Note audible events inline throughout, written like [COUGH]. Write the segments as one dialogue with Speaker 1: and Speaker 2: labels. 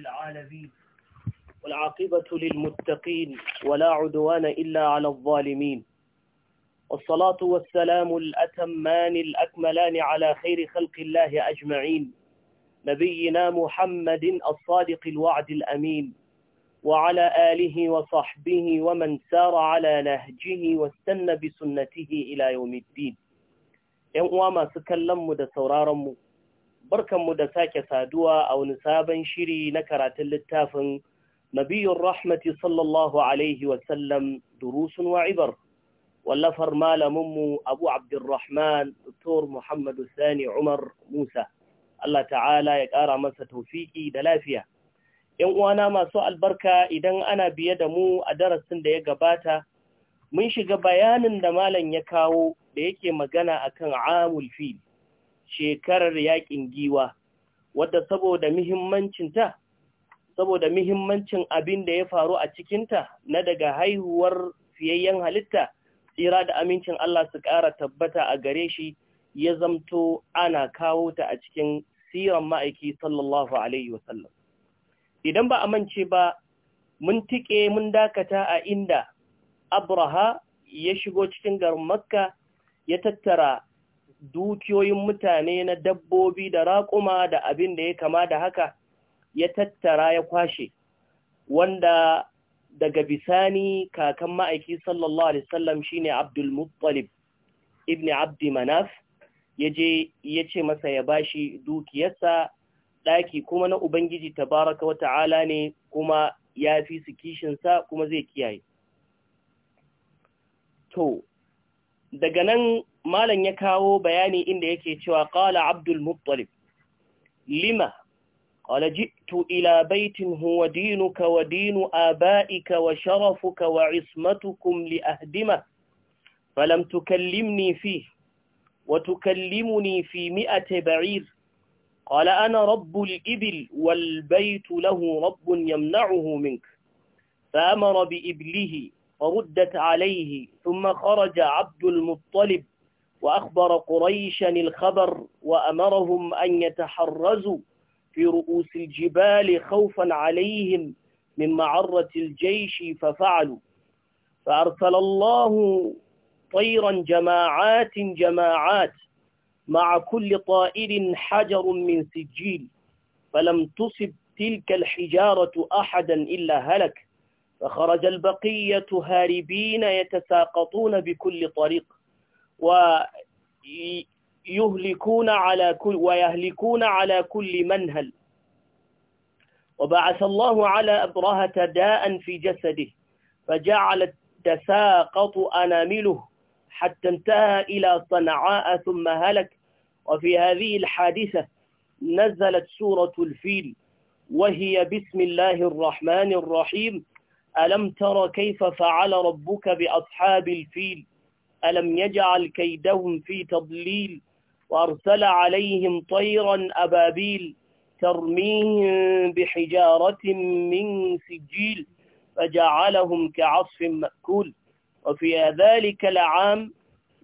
Speaker 1: العالمين والعاقبة للمتقين ولا عدوان إلا على الظالمين والصلاة والسلام الأتمان الأكملان على خير خلق الله أجمعين نبينا محمد الصادق الوعد الأمين وعلى آله وصحبه ومن سار على نهجه واستنى بسنته إلى يوم الدين يوم ما سكلم دا سورارمو barkanmu da sake saduwa a wani sabon shiri na karatun littafin nabiyun rahmati sallallahu alaihi wasallam durusun wa'ibar wallafar malaminmu abu abdurrahman dr muhammadu sani umar musa Allah ta'ala ya ƙara masa taufiki da lafiya ‘yan uwana masu albarka idan ana biye da mu a darasin da ya gabata mun shiga bayanin da malam ya kawo da yake magana akan amul fil shekarar yaƙin giwa wadda saboda muhimmancinta saboda muhimmancin abin da ya faru a cikinta na daga haihuwar fiyayyen halitta tsira da amincin Allah su ƙara tabbata a gare shi ya zamto ana kawo ta a cikin siran ma'aiki sallallahu Alaihi wasallam. Idan ba a mance ba, mun tike mun dakata a inda Abraha ya shigo cikin garin Makka ya tattara dukiyoyin mutane na dabbobi da raƙuma da abin da ya kama da haka ya tattara ya kwashe wanda daga bisani kakan ma'aiki sallallahu alaihi sallam shine Abdul abdulmuttalib ibn Abdi Manaf ya je ya ce masa ya bashi dukiyarsa ɗaki kuma na Ubangiji tabaraka wa ta'ala ne kuma ya fi su kishinsa kuma zai kiyaye to daga nan malam ya kawo bayani inda yake cewa qala abdul muttalib lima qala ji'tu ila baitin huwa dinuka wa dinu abaika wa sharafuka wa ismatukum li ahdima falam tukallimni fi wa tukallimuni fi mi'ati ba'ir qala ana rabbul ibil wal baytu lahu rabbun yamna'uhu mink فأمر بإبله فردت عليه ثم خرج عبد المطلب وأخبر قريشا الخبر وأمرهم أن يتحرزوا في رؤوس الجبال خوفا عليهم من معرة الجيش ففعلوا فأرسل الله طيرا جماعات جماعات مع كل طائر حجر من سجيل فلم تصب تلك الحجارة أحدا إلا هلك فخرج البقية هاربين يتساقطون بكل طريق ويهلكون على كل ويهلكون على كل منهل وبعث الله على أبرهة داء في جسده فجعلت تساقط أنامله حتى انتهى إلى صنعاء ثم هلك وفي هذه الحادثة نزلت سورة الفيل وهي بسم الله الرحمن الرحيم ألم تر كيف فعل ربك بأصحاب الفيل ألم يجعل كيدهم في تضليل وأرسل عليهم طيرا أبابيل ترميهم بحجارة من سجيل فجعلهم كعصف مأكول وفي ذلك العام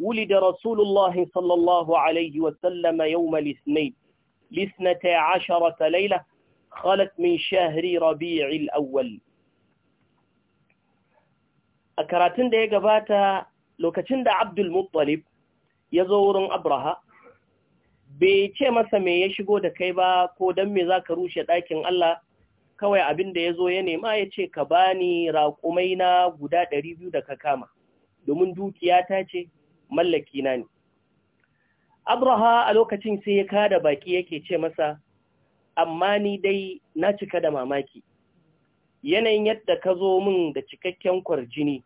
Speaker 1: ولد رسول الله صلى الله عليه وسلم يوم الاثنين لاثنتي عشرة ليلة خلت من شهر ربيع الأول a karatun da ya gabata lokacin da Abdul Muttalib ya zo wurin Abraha bai ce masa me ya shigo da kai ba ko dan me zaka rushe ɗakin Allah kawai abin da ya zo ya nema ya ce ka bani raƙumai na guda ɗari biyu da ka kama domin dukiya ta ce mallaki na ne Abraha a lokacin sai ya kada baki yake ce masa amma ni dai na cika da mamaki yanayin yadda ka zo min da cikakken kwarjini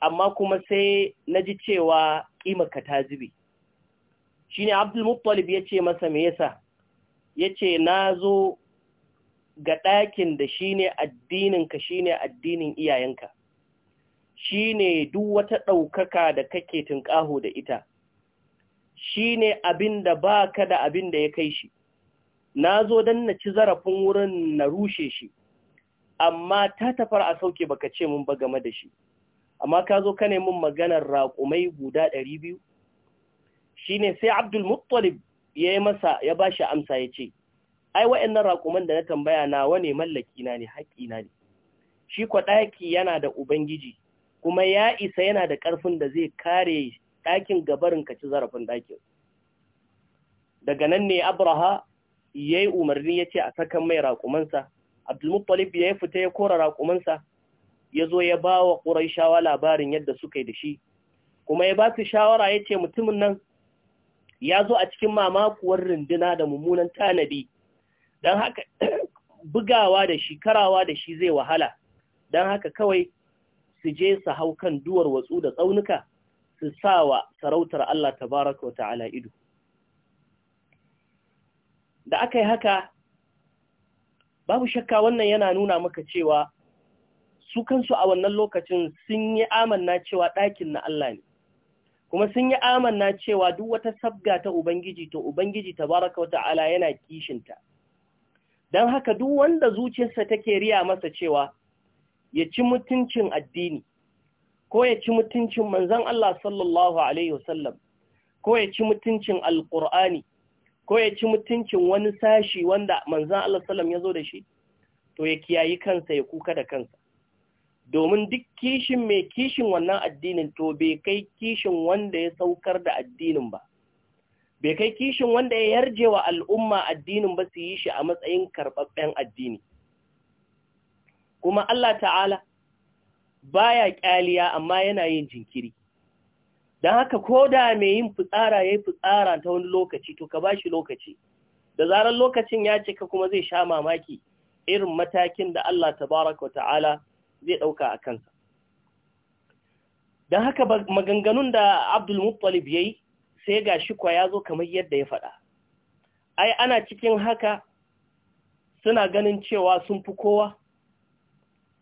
Speaker 1: amma kuma sai na ji cewa ƙimaka ta zube. Shi ne Abdulmuttalib ya ce masa me yasa, ya ce, Na zo ga ɗakin da shi ne addininka shi ne addinin iyayenka, shi ne duk wata ɗaukaka da kake tunƙaho da ita, shi ne abin da ba ka da abin da ya kai shi, na zo don na ci zarafin wurin na rushe shi, amma ta tafar a sauke baka ce mun ba game da shi. amma ka zo ka nemi maganar raƙumai guda ɗari biyu shi ne sai abdul muttalib ya yi masa ya ba shi amsa ya ce ai wa'annan raƙuman da na tambaya na wane mallaki na ne haƙƙi na ne shi kwa ɗaki yana da ubangiji kuma ya isa yana da ƙarfin da zai kare ɗakin gabarin ka ci zarafin ɗakin daga nan ne abraha ya yi umarni ya ce a sakan mai raƙumansa abdul muttalib ya fita ya kora raƙumansa ya zo ya ba wa shawa labarin yadda suka yi da shi kuma ya ba su shawara ya ce mutumin nan ya zo a cikin mamakuwar runduna da mummunan tanadi don haka [CLEARS THROAT] bugawa da shi karawa da shi zai wahala don haka kawai su je su hau kan duwar watsu da tsaunuka su sa wa sarautar Allah tabaraka wa ta'ala ido da aka yi haka babu shakka wannan yana nuna maka cewa su kansu a wannan lokacin sun yi amanna cewa ɗakin na Allah ne kuma sun yi amanna cewa duk wata sabga ta ubangiji ta ubangiji baraka wata ala, yana kishinta don haka duk wanda zuciyarsa take riya masa cewa ya ci mutuncin addini ko ya ci mutuncin manzan Allah sallallahu alaihi wasallam ko ya ci mutuncin Alƙur'ani ko ya ci mutuncin wani sashi wanda manzan Allah Sallam ya zo da shi to ya kiyayi kansa ya kuka da kansa domin duk kishin mai kishin wannan addinin to bai kai kishin wanda ya saukar da addinin ba bai kai kishin wanda ya yarje wa al'umma addinin ba su yi shi a matsayin karɓaɓɓen addini kuma Allah ta'ala baya kyaliya, amma yana yin jinkiri Dan haka ko da mai yin fitsara ya yi fitsara ta wani lokaci to ka ba shi lokaci da zarar lokacin ya cika kuma zai sha mamaki irin matakin da Allah tabaraka wa ta'ala zai ɗauka a kansa don haka maganganun da abdul muttalib ya yi sai ga shi kwa ya zo kamar yadda ya faɗa ai ana cikin haka suna ganin cewa sun fi kowa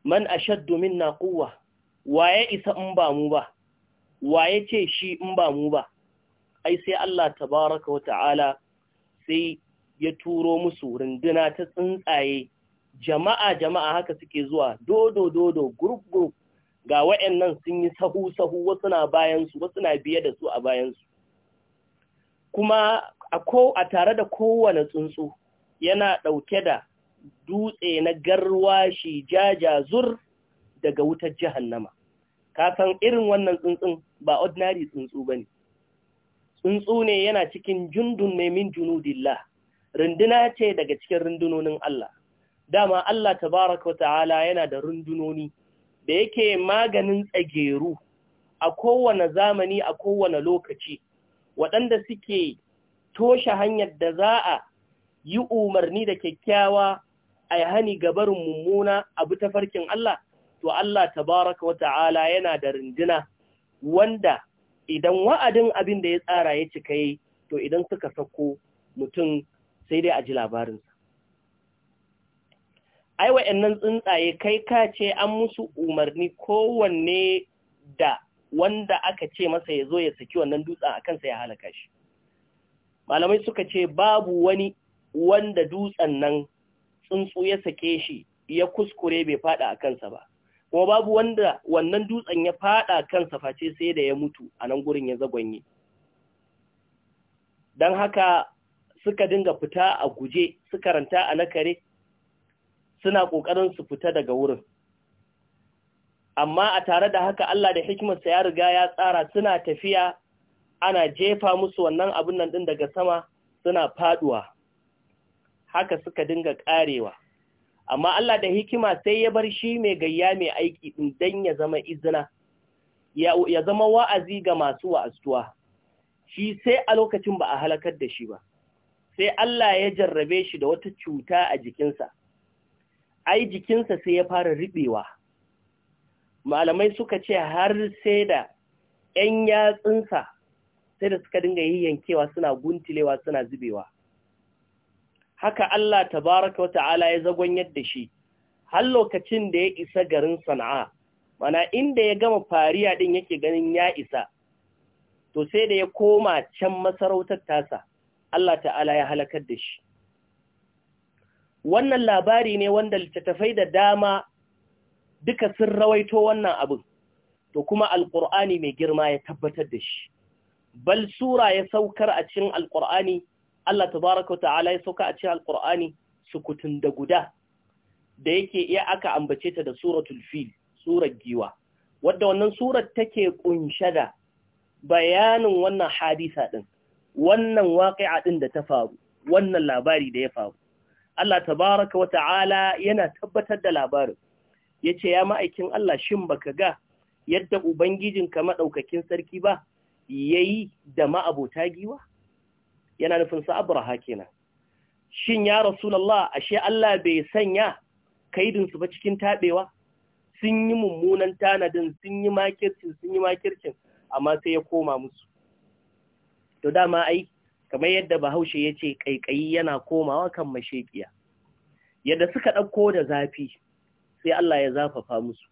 Speaker 1: man na ƙuwa. Wa ya isa in ba mu ba waye ce shi in ba mu ba ai sai Allah Ta baraka wa ta'ala sai ya turo musu runduna ta tsuntsaye jama'a jama'a haka suke zuwa dodo dodo group group ga wayannan sun yi sahu sahu wasu na bayan su wasu na biye da su a bayan su kuma a ko a tare da kowane tsuntsu yana dauke da dutse na garwashi jaja zur daga wutar jahannama ka san irin wannan tsuntsun ba ordinary tsuntsu bane tsuntsu ne yana cikin jundun mai min junudillah runduna ce daga cikin rundunonin Allah dama Allah tabaraka wata'ala yana da rundunoni da yake maganin tsageru a kowane zamani a kowane lokaci waɗanda suke toshe hanyar da za a yi umarni da kyakkyawa a yi hani gabarin mummuna abu ta farkin Allah to Allah tabaraka wata'ala yana da runduna wanda idan wa'adin abin da ya tsara ya cika yi to idan suka sako mutum sai dai a ji labarinsa ai wa'annan tsuntsaye kai ka ce an musu umarni kowanne da wanda aka ce masa ya zo ya saki wannan dutsen a kansa ya halaka shi malamai suka ce babu wani wanda dutsen nan tsuntsu ya sake shi ya kuskure bai fada a kansa ba kuma babu wanda wannan dutsen ya fada kansa face sai da ya mutu a nan gurin ya zagonye don haka suka dinga fita a guje suka ranta a na kare suna ƙoƙarin su fita daga wurin amma a tare da haka Allah da hikimarsa ya riga ya tsara suna tafiya ana jefa musu wannan abin nan ɗin daga sama suna faɗuwa haka suka dinga ƙarewa amma Allah da hikima sai ya bar shi mai gayya mai aiki ɗin don ya zama izina ya zama wa'azi ga masu wa'astuwa shi sai a lokacin ba a halakar da shi ba sai Allah ya jarrabe shi da wata cuta a jikinsa ai jikinsa sai ya fara riɓewa malamai suka ce har sai da ‘yan yatsunsa sai da suka dinga yi yankewa suna guntulewa, suna zubewa haka Allah tabaraka wa ta'ala ya zagon yadda shi har lokacin da ya isa garin sana'a mana inda ya gama fariya din yake ganin ya isa to sai da ya koma can masarautar tasa Allah ta'ala ya halakar da shi wannan labari ne wanda littattafai da dama duka sun rawaito wannan abin to kuma alkur'ani mai girma ya tabbatar da shi bal sura ya saukar a cikin alƙur'ani Allah tabaraka ta'ala ya sauka a cikin alkur'ani sukutun da guda da yake iya aka ambace ta da suratul fil surar giwa wadda wannan surar take kunshe da bayanin wannan hadisa din wannan waqi'a din da ta faru wannan labari da ya faru Allah tabaraka wa ta'ala yana tabbatar da labarin yace ya ma'aikin Allah shin baka ga yadda ubangijin ka maɗaukakin sarki ba yayi da ma'abota giwa yana nufin sa Abraha kenan shin ya rasulullah ashe Allah bai sanya kaidin su ba cikin tabewa sun yi mummunan tanadin sun yi makircin sun yi makircin amma sai ya koma musu to dama ai kamar yadda bahaushe ya ce ƙaiƙayi yana komawa kan mashekiya yadda suka ɗauko da zafi sai Allah ya zafafa musu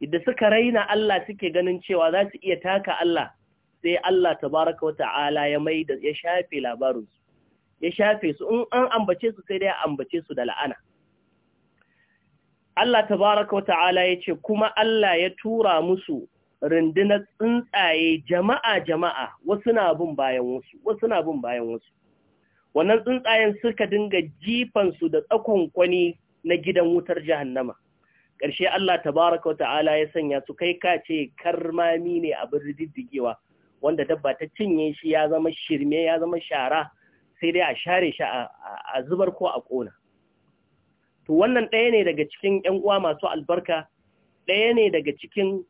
Speaker 1: yadda suka raina Allah suke ganin cewa za su iya taka Allah sai Allah tabaraka wata'ala ya mai da ya shafe labarinsu ya shafe su in an ambace su sai dai ambace su da la'ana Allah tabaraka wata'ala ya ce kuma Allah ya tura musu rundunar tsuntsaye jama'a jama'a wasu na bin bayan wasu wasu na bin bayan wasu wannan tsuntsayen suka dinga jifan su da tsakon kwani na gidan wutar jahannama ƙarshe Allah tabaraka wa ta'ala ya sanya su kai ka ce karmami ne abin rididdigewa wanda dabba ta cinye shi ya zama shirme ya zama shara sai dai a share shi a zubar ko a kona To wannan ɗaya ne daga cikin ‘yan uwa masu albarka, ɗaya ne daga cikin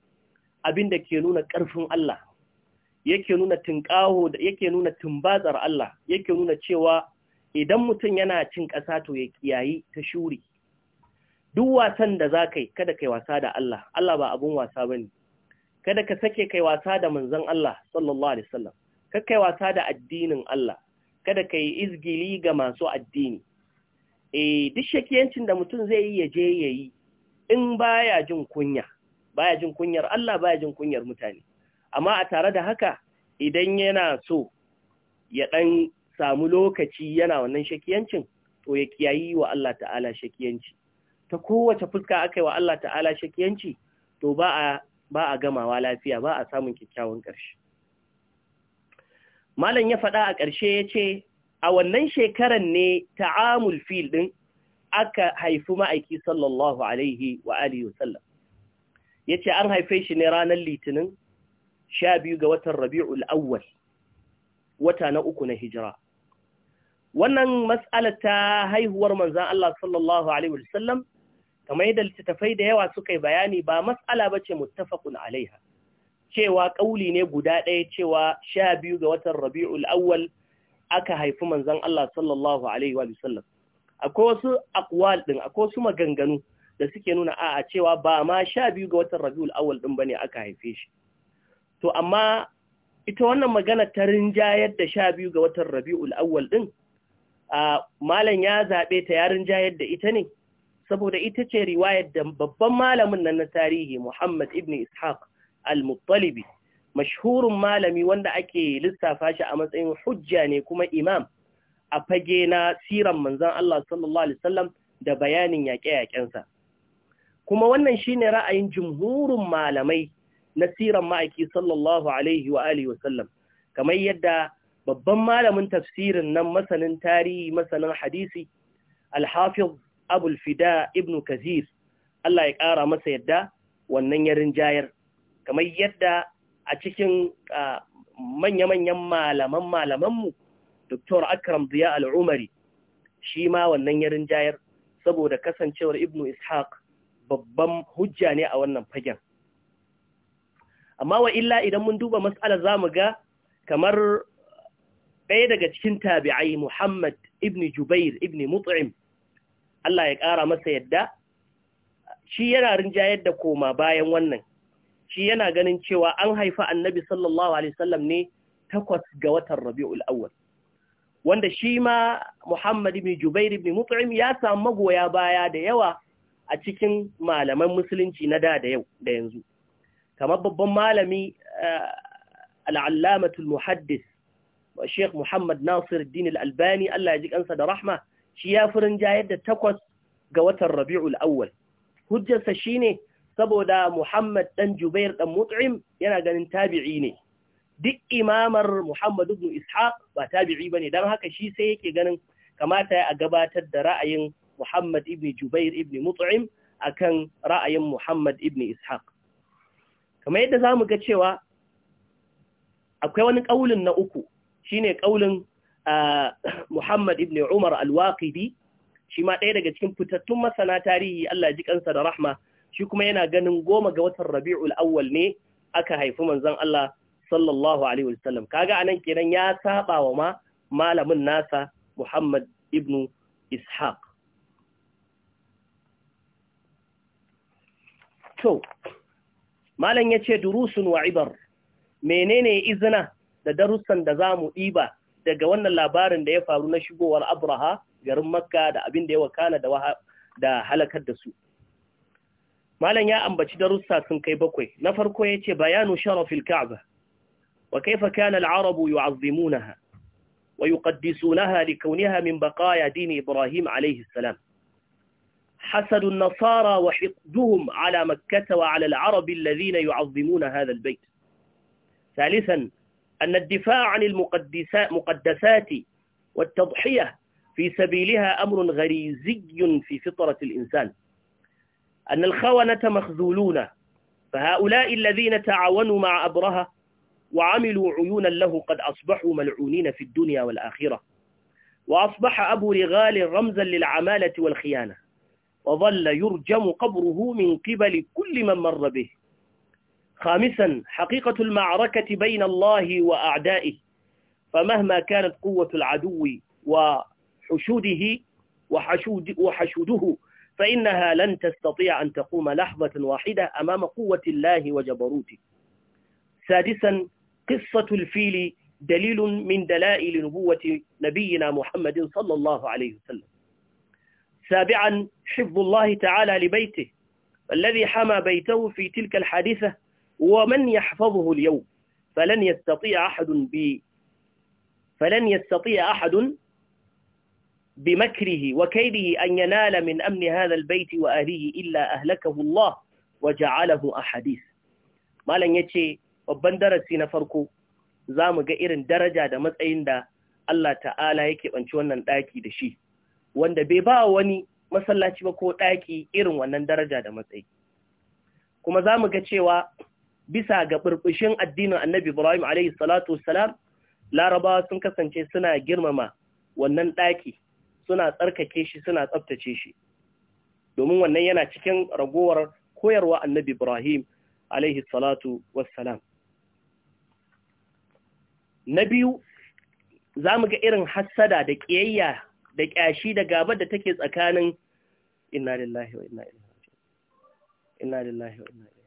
Speaker 1: abin da ke nuna ƙarfin Allah yake nuna tunƙaho yake nuna tumbatsar Allah yake nuna cewa idan mutum yana cin ƙasa to ya kiyayi ta shuri duk wasan da za ka yi kada kai wasa da Allah Allah ba abin wasa ba ne kada ka sake kai wasa da manzon Allah sallallahu alaihi wasallam ka kai wasa da addinin Allah kada ka yi izgili ga masu addini eh duk shakiyancin da mutum zai yi ya je ya yi, in ba ya jin kunya baya jin kunyar Allah baya jin kunyar mutane amma a tare da haka idan yana so ya dan samu lokaci yana wannan shakiyancin to ya kiyayi wa Allah ta'ala shakiyanci ta kowace fuska aka yi wa Allah ta'ala shakiyanci to ba a ba a gamawa lafiya ba a samun kyakkyawan ƙarshe malam ya faɗa a ƙarshe ya ce a wannan shekaran ne ta'amul fil ɗin aka haifi ma'aiki sallallahu alaihi wa alihi wasallam ya ce an haife shi ne ranar litinin sha biyu ga watan rabi'ul awwal wata na uku na hijira wannan matsalar ta haihuwar manzan Allah sallallahu Alaihi wasallam kamar yadda littattafai da yawa suka yi bayani ba matsala ba ce muttafaqun alaiha cewa ƙauli ne guda ɗaya cewa sha biyu ga watan rabi'ul awwal aka haifi manzan Allah sallallahu Alaihi wasallam akwai wasu akwal ɗin akwai wasu maganganu da suke nuna a a cewa ba ma sha biyu ga watan rabiul awal ɗin ba ne aka haife shi to amma ita wannan magana ta rinjayar da sha biyu ga watan rabiul awal ɗin a malam ya zaɓe ta ya rinjayar da ita ne saboda ita ce riwayar da babban malamin nan na tarihi muhammad ibn ishaq al-muttalibi mashhurun malami wanda ake lissafa shi a matsayin hujja ne kuma imam a fage na siran manzon Allah sallallahu alaihi wasallam da bayanin yaƙe-yaƙensa kuma wannan shine ra'ayin jumhurin malamai na siran ma'aiki sallallahu alaihi wa alihi wasallam kamar yadda babban malamin tafsirin nan masanin tarihi masanin hadisi alhafiz abul fida ibn kazir Allah ya ƙara masa yadda wannan ya rinjayar kamar yadda a cikin manya-manyan malaman malamanmu Dr. Akram Ziya al'umari shi ma wannan ya saboda kasancewar Ibn Ishaq babban hujja ne a wannan fagen amma wa illa idan mun duba mas'alar zamu ga kamar ɗaya daga cikin tabi'ai Muhammad ibn Jubair ibn Mut'im Allah ya ƙara masa yadda shi yana rinjayar da koma bayan wannan shi yana ganin cewa an haifa annabi sallallahu alaihi wasallam ne takwas ga watan Rabi'ul Awwal wanda shi ma Muhammad ibn Jubair ibn Mut'im ya samu magoya baya da yawa a cikin malaman musulunci na da da yau da yanzu kamar babban malami eh, al'allamatul muhaddis Sheikh Muhammad Nasir Din Al-Albani Allah ya ji kansa da rahma shi ya furin jayar da takwas ga watan Rabi'ul Awwal hujjarsa shine saboda Muhammad dan Jubair dan Mut'im yana ganin tabi'i ne duk imamar Muhammad ibn Ishaq ba tabi'i bane dan haka shi sai yake ganin kamata ya gabatar da ra'ayin Muhammad ibn Jubair ibn Mut'im akan ra'ayin Muhammad ibn Ishaq kamar yadda zamu ga cewa akwai wani ƙaulin na uku shine ƙaulin ah, [COUGHS] Muhammad ibn Umar al-Waqidi shi ma ɗaya daga cikin fitattun masana tarihi Allah ji kansa da rahma shi kuma yana ganin goma ga watan Rabi'ul Awwal ne aka haifi manzon Allah sallallahu alaihi wasallam kaga anan kenan ya saba wa ma malamin nasa Muhammad ibn Ishaq to malam yace durusun wa menene izina da darussan da zamu ɗiba daga wannan labarin da ya faru na shigowar Abraha garin Makka da abin da ya wakana da da halakar da su malam ya ambaci darussa sun kai bakwai na farko yace bayanu sharafil ka'aba wa kaifa kana al-arabu yu'azzimunaha da لكونها min baƙa دين إبراهيم ibrahim a.s. حسد النصارى وحقدهم على مكة وعلى العرب الذين يعظمون هذا البيت ثالثا أن الدفاع عن المقدسات والتضحية في سبيلها أمر غريزي في فطرة الإنسان أن الخونة مخذولون فهؤلاء الذين تعاونوا مع أبرهة وعملوا عيونا له قد أصبحوا ملعونين في الدنيا والآخرة وأصبح أبو رغال رمزا للعمالة والخيانة وظل يرجم قبره من قبل كل من مر به خامسا حقيقة المعركة بين الله وأعدائه فمهما كانت قوة العدو وحشوده وحشود وحشوده فإنها لن تستطيع أن تقوم لحظة واحدة أمام قوة الله وجبروته سادسا قصة الفيل دليل من دلائل نبوة نبينا محمد صلى الله عليه وسلم سابعا حفظ الله تعالى لبيته الذي حمى بيته في تلك الحادثة ومن يحفظه اليوم فلن يستطيع أحد ب فلن يستطيع أحد بمكره وكيده أن ينال من أمن هذا البيت وأهله إلا أهلكه الله وجعله أحاديث ما لن يتشي وبن darasi نفركو farko za درجة دمت irin daraja da matsayin da Allah ta'ala yake wanda bai ba wani masallaci ba ko ɗaki irin wannan daraja da matsayi kuma za mu ga cewa bisa ga burbushin addinin annabi ibrahim alaihi salatu wassalam larabawa sun kasance suna girmama wannan ɗaki suna tsarkake shi suna tsaftace shi domin wannan yana cikin ragowar koyarwa annabi ibrahim alaihi salatu wassalam na biyu za mu ga irin hassada da ƙiyayya da ƙyashi da gabar da take tsakanin inna lillahi wa inna ilaihi raji'un inna lillahi wa inna ilaihi